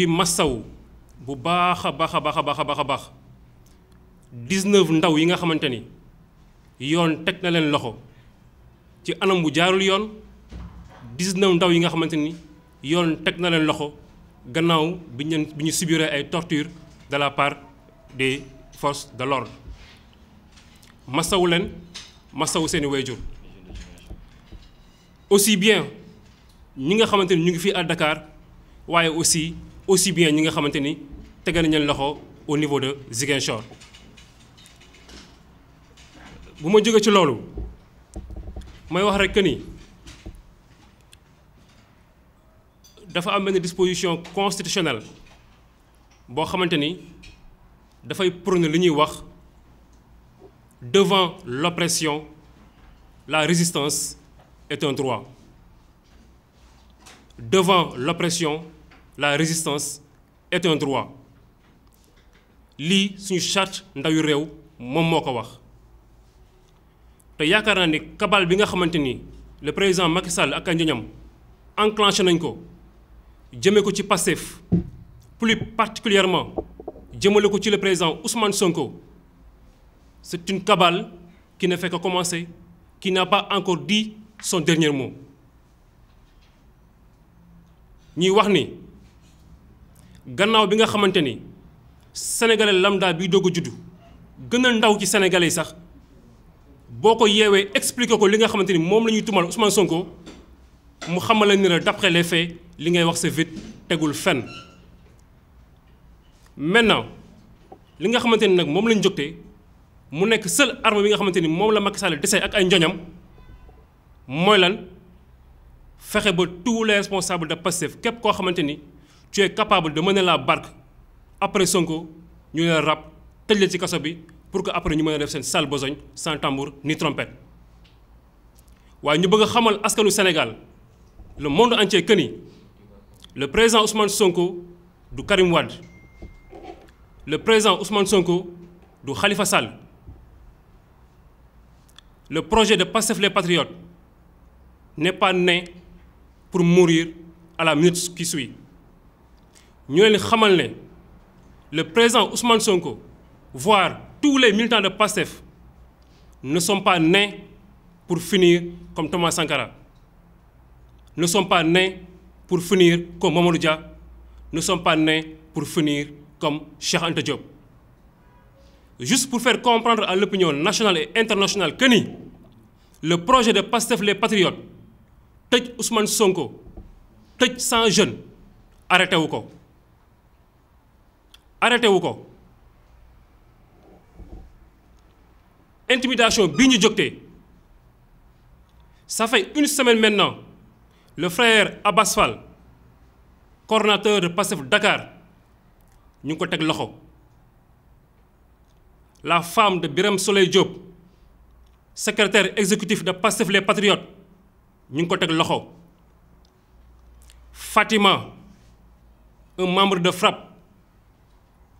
ngi massaw bu baax a baax a baax a baax a baax a baax ndaw yi nga xamante ni yoon teg na leen loxo ci anam bu jaarul yoon 19 ndaw yi nga xamante ni yoon teg na leen loxo gannaaw bi ñu bi ñu ay torture de la part de forces de l'ordre masawu leen masawu seeni wayjur aussi bien ñi nga xamante ñu ngi fii à waaye aussi aussi bien ñi nga xamante ni tegal nañ loxo au niveau de Ziguinchor bu ma jógee ci loolu may wax rek que ni dafa am benn disposition constitutionnelle boo xamante ni dafay prôner li ñuy wax devant l'oppression la résistance est un droit devant l'oppression la résistance est un lii suñu charte ndaw yu réew moom moo ko wax te yaakaar naa ni kabal bi nga xamante ni le président Macky Sall a njëñam enclenché nañ ko jëmee ko ci Pastef plus particulièrement jëmale ko ci le président Ousmane Sonko c'est une cabale qui ne fait que commencer qui n'a pas encore di son dernier moom ñuy wax ni gannaaw bi nga xamante ni sénégalais lambda biy doog a juddu gën a ndaw ci sénégalais yi sax boo ko yeewee expliqué ko li nga xamante ni moom la ñuy tumal Ousmane Sonko mu xamal la ni la d'après les faits li ngay wax sa vite tegul fenn. maintenant li nga xamante ni nag moom lañ jotee mu nekk seule arme bi nga xamante ni moom la Macky Sall dese ak ay njoñam mooy lan fexe ba tous les responsables de Pastef képp koo xamante ni. cu es capable de mener la barque après Sonko ñu ne rab tëj la ci kaso bi pour que après ñu mën a def seen sale besogne sans tambour ni trompette waaye ñu bëgg a xamal askanu Sénégal le monde entier que ni le président Ousmane Sonko du Karim Wade le président Ousmane Sonko du xalifa Sall le projet de Pastef les Patriotes n'est pour mourir à la minute qui suit ñoo leen xamal ne le président Ousmane Sonko voire tous les militants de PASTEF ne sont pas pour finir comme Thomas Sankara ne sont pas pour finir comme Mamadou Dia ne sont pas pour finir comme Cheikh Anta Diop juste pour faire comprendre à l'opinion nationale et internationale que ni le projet de PASTEF les patriotes tëj Ousmane Sonko tëj sans jeunes arrêté wu ko arrêté wu ko intimidation bi ñu jógtee ça fait une semaine maintenant le frère Abbas Fall coordonnateur de Pastef Dakar ñu ngi ko teg loxo la femme de biram Souleye Diop secrétaire executif de Pastef les Patriotes ñu ngi ko teg loxo Fatima un membre de FRAPP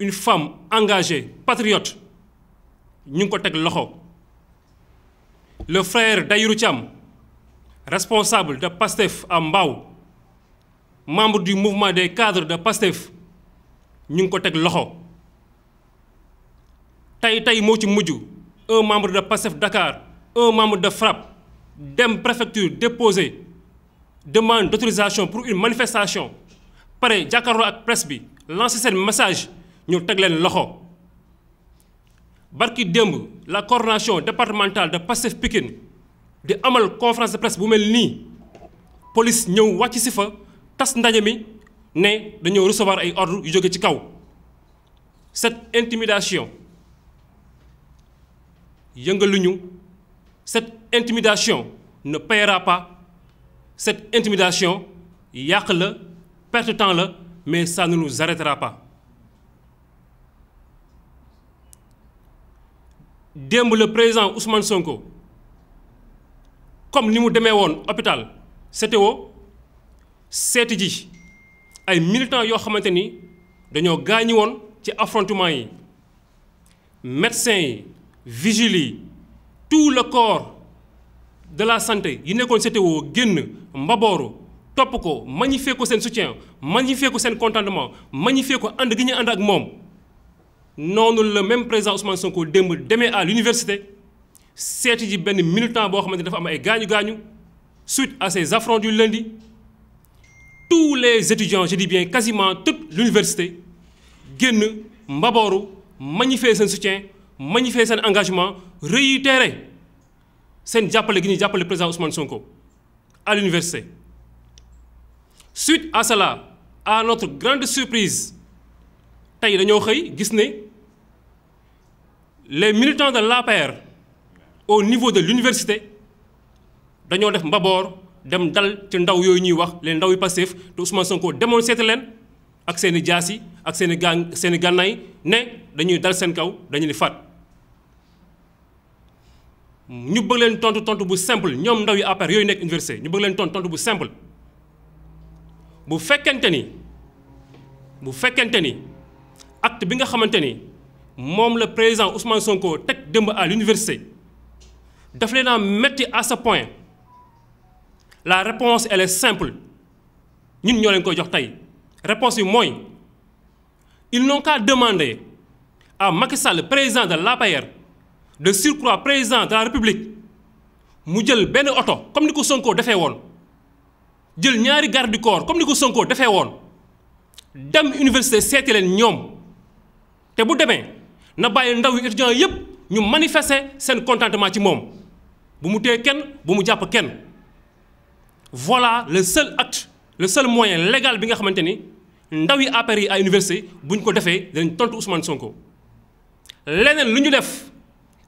une femme engagée patriote ñu ngi ko teg loxo le frère Dayirou Thiam responsable de PASTEF à Mbao membre du mouvement des cadres de PASTEF ñu ngi ko teg loxo tey tey moo ci mujj un membre de PASTEF Dakar un membre de FRAPP dem préfecture déposer demande d'autorisation pour une manifestation pare jàkkaarloo ak presse bi lancer seen message ñu teg leen loxo barki démb la coordination départementale de Pastef Pikine di amal conférence de presse bu mel nii police ñëw wàcc si fa tas ndaje mi ne dañoo recevoir ay ordre yu jóge ci kaw cette intimidation yëngaluñu cette intimidation ne payera pas cette intimidation yàq la perte temps la mais ça ne nous arrêtera démb le président Ousmane Sonko comme ni mu demee woon hôpital CTO seeti ji ay militants yoo xamante ni dañoo gaañu woon ci affrontement yi médecins yi vigiles yi tout le corps de la santé yi nekkoon CTO génn mbabooru topp ko magnifier ko seen soutien magnifier fekku seen contentement magnifier ko ànd gi ñu ànd ak moom. noonu la même président Ousmane Sonko démb demee à l'université seeti ji benn militant boo xamante ne dafa am ay gaañu-gaañu suite à ces affronts du lundi tous les étudiants je dis bien quasiment toute l'université génn mbabooru magnifier seen soutien magnifier seen engagement réitéré seen jàppale gi ñuy jàppale président Ousmane Sonko à l'université suite à cela à notre grande surprise tey dañoo xëy gis ne les militants de l'APR au niveau de l'université dañoo def mbaboor dem dal ci ndaw yooyu ñuy wax les ndaw yu Pastef te Ousmane Sonko demoon seeta leen ak seen i jaas yi ak seen i gàn seen gànnaay ne dañuy dal seen kaw dañu ni faat ñu bëgg leen tontu tontu bu simple ñoom ndaw yu APR yooyu nekk université ñu bëgg leen tontu tontu bu simple bu fekkente ni bu fekkente ni acte bi nga xamante ni moom le président Ousmane sonkoo teg démb à l'université daf leen a metti à sa point la réponse elle est simple ñun ñoo leen koy jox tey réponse bi mooy il n'ont qu'à demander à Macky Sall président de l'APR de surcroît président de la République mu jël benn oto comme ni ko sonkoo defee woon jël ñaari garde comme ni ko sonkoo defee woon dem université seeti leen ñoom te bu demee na bàyyi ndaw yi étudiants yëpp ñu manifester seen contentement ci moom bu mu téye kenn bu mu jàpp kenn voilà le seul acte le seul moyen légal bi nga xamante ni ndaw yi APR yi à université bu ñu ko defee dinañ tontu Ousmane Sonko leneen lu ñu def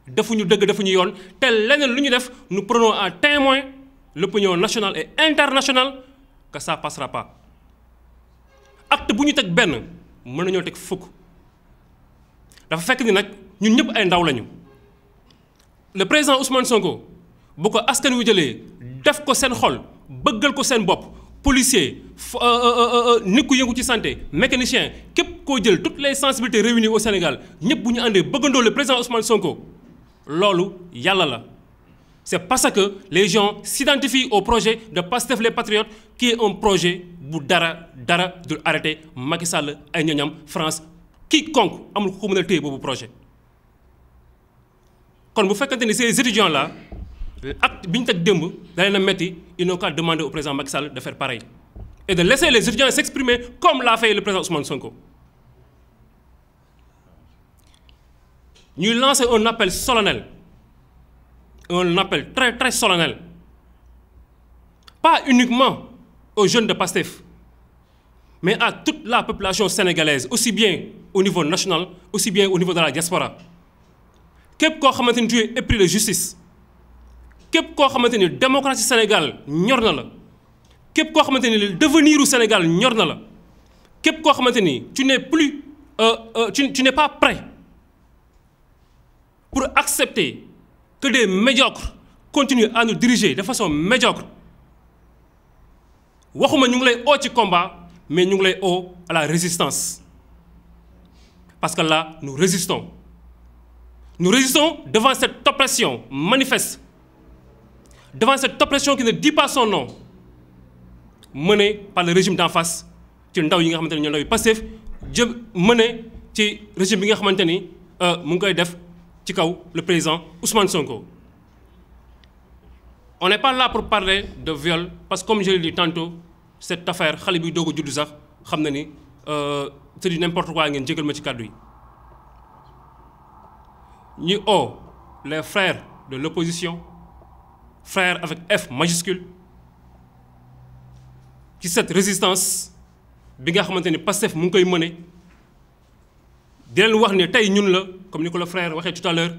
defuñu dëgg ñu yoon te leneen lu ñu def nous prenons à témoin l'opinion nationale et internationale que ça passera pas acte bu ñu teg benn mën nañoo teg fukk. dafa fekk ni nag ñun ñëpp ay ndaw lañu le président Ousmane Sonko bu ko askan wi jëlee def ko seen xol bëggal ko seen bopp policier euh, euh, euh, nit ku yëngu ci sante mécanicien képp koo jël toutes les sensibilités réunies au Sénégal ñëpp bu ñu àndee bëggandoo le président Ousmane Sonko loolu yàlla la. c'est parce que les gens s'identifient au projet de Pastef les Patriotes qui est un projet bu dara dara dul arrêté Macky Sall ay ñoñam France quiconque amul ku ko mën a téye boobu projet kon bu fekkante ni ces étudiants là acte bi ñu teg démb da leen a metti ils n'ont qu'à demander au président Macky Sall de faire pareil et de laisser les étudiants s'exprimer comme l'a fait le président Ousmane Sonko. ñuy lancer un appel solennel un appel très très solennel pas uniquement au jeunes de PASTEF mais à toute la population sénégalaise aussi bien au niveau national aussi bien au niveau de la képp koo xamante ni tu es épris justice képp koo xamante ni démocratie Sénégal ñor na la képp koo xamante ni le devenir u ñor na la képp koo xamante ni tu ne plus euh, euh, tu, tu n'es pas prêt pour accepter que des médiocres continuent à nous diriger de façon médiocre waxuma ñu ngi lay oo ci combat mais ñu ngi lay oo à la résistance Parce que là, nous résistons. Nous résistons devant cette oppression manifeste, devant cette oppression qui ne dit pas son nom, par le régime d'en face ci ndaw yi nga xamante ne ñoo ndaw yi Pastef jë ne ci régime bi nga xamante ni euh, mu ngi koy def ci kaw le président Ousmane Sonko. on n'est pas là pour parler de viol parce que comme je l'ai dit cette affaire xale bi doog a juddu sax xam na ni. c'est euh, du n'importe quoi ngeen jégal ma ci kàddu yi ñi o les frères de l'opposition frères avec F majuscule ci cette résistance bi nga xamante ni Pastef mu ngi koy mëne di lu wax ne tey ñun la comme ni ko la frère waxee tout à l'heure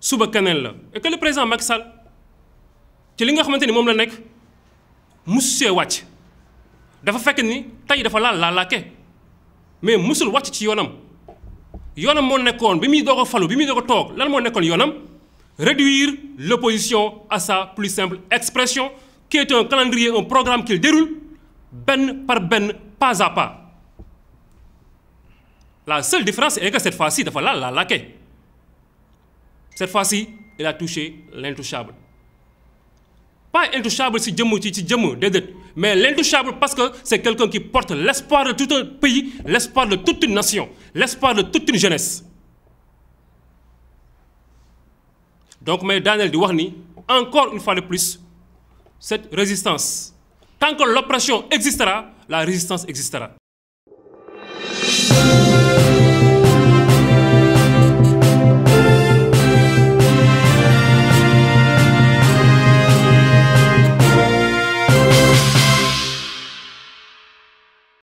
suba keneen la et que le président Macky ci li nga xamante ni moom la nekk musu see wàcc dafa fekk ni tey dafa laal laa laake mais musul wàcc ci yoonam yoonam moo nekkoon bi muy doog a falu bi muy doog a toog lan moo nekkoon yoonam réduire l'opposition à sa plus simple expression qui est un calendrier programme qu'il déroule benn par benn pas à pas la seule différence est que cette fois-ci dafa laal laa laake cette fois-ci il a touché l'intouchable pas intouchable si jëmm ci ci jëmm déedéet mais l'intouchable parce que c'est quelqu'un qui porte l'espoir de tout un pays, l'espoir de toute une nation, l'espoir de toute une jeunesse. donc mais daaneel di wax ni encore une fois de plus cette résistance tant que l'oppression existera la résistance existera